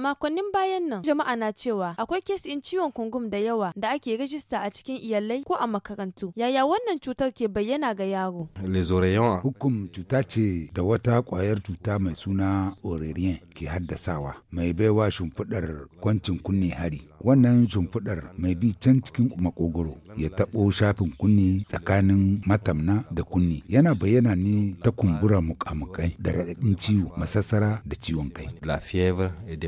makonnin bayan nan jama'a na cewa akwai kes ɗin ciwon kungum da yawa da ake rajista a cikin iyalai ko a makarantu. Yaya wannan cutar ke bayyana ga yaro? Lezorayon hukum cuta ce da wata kwayar cuta mai suna orerien ke haddasawa mai baiwa shimfiɗar kwancin kunne hari wannan shimfiɗar mai bi can cikin makogoro ya taɓo shafin kunni tsakanin matamna da kunni yana bayyana ne ta kumbura mukamukai da raɗaɗin ciwo masassara da ciwon kai. La fièvre et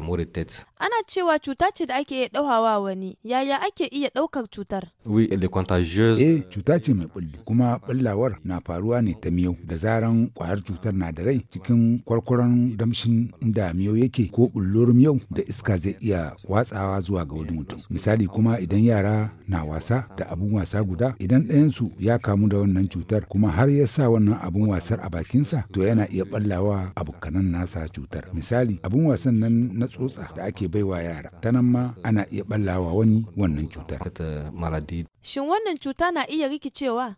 Ana cewa cuta ce da ake iya ɗauhawa wani, yaya ake iya ɗaukar cutar? Oui, elle contagieuse. Eh, cuta ce mai bulli, kuma bullawar na faruwa ne ta miyau da zaran kwayar cutar na da rai cikin kwarkwaron damshin da miyau yake ko bullor miyau da iska zai iya watsawa zuwa ga wani mutum. Misali kuma idan yara na wasa da abun wasa guda, idan ɗayansu ya kamu da wannan cutar kuma har ya sa wannan abun wasar a bakinsa, to yana iya ballawa abokanan nasa cutar. Misali, abun wasan nan na tsotsa da ake baiwa wa yara ta nan ma ana iya ballawa wani wannan cutar euh, shin wannan cuta na iya rikicewa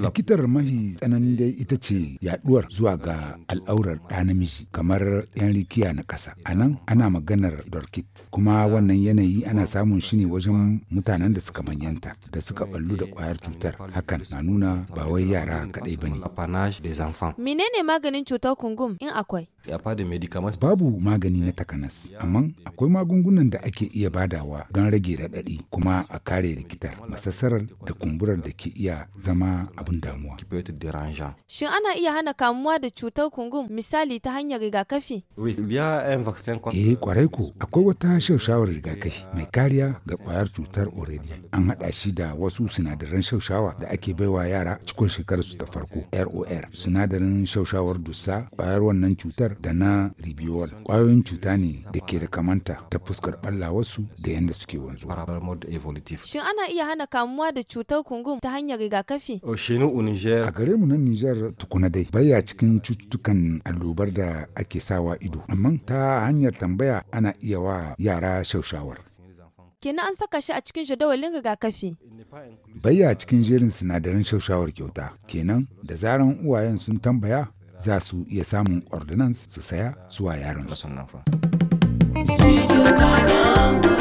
likitar mahi tsanani dai ita ce yaduwar zuwa ga al'aurar ɗa namiji kamar yan rikiya na ƙasa a nan ana maganar dorkit kuma wannan yanayi ana samun shi ne wajen mutanen da suka manyanta da suka ballu da kwayar cutar hakan na nuna ba wai yara kaɗai ba ne menene maganin cutar kungum in akwai babu magani na takanas amma akwai akwai magungunan da ake iya badawa don rage raɗaɗi kuma a kare rikitar masassarar da kumburar da ke iya zama abin damuwa. Shin ana iya hana kamuwa da cutar kungun misali ta hanyar rigakafi? Eh kwarai ko akwai wata shaushawar rigakafi mai kariya ga kwayar cutar Orelia. An haɗa shi da wasu sinadaran shaushawa da ake baiwa yara cikin su ta farko ROR sinadarin shaushawar dusa kwayar wannan cutar da na ribiol kwayoyin cuta ne da ke da kamanta ta fuskar wasu da yadda suke wanzu. Shin ana iya hana kamuwa da cutar kungun ta hanyar rigakafi? Oh, a gare mu nan Nijar tukuna dai baya cikin cututtukan allobar da ake sawa ido, amma ta hanyar tambaya ana iya wa yara shaushawar. kenan an saka shi a cikin jadawalin rigakafi. baya cikin jerin sinadaran shaushawar kyauta kenan da zaran uwayen sun tambaya za su iya samun ordinance su saya zuwa yaron. you my love.